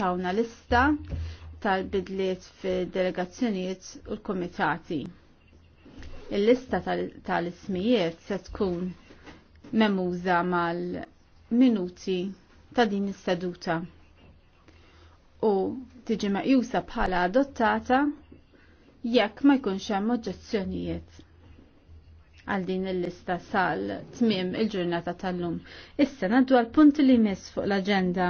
tawna lista tal-bidliet fi delegazzjoniet u l-komitati. Il-lista tal-ismijiet se tkun memuża mal-minuti ta' din is-seduta u tiġi meqjusa bħala adottata jekk ma jkunx hemm oġġezzjonijiet għal din il-lista sal tmiem il-ġurnata tal-lum. Issa naddu għal punt li jmiss fuq l-aġenda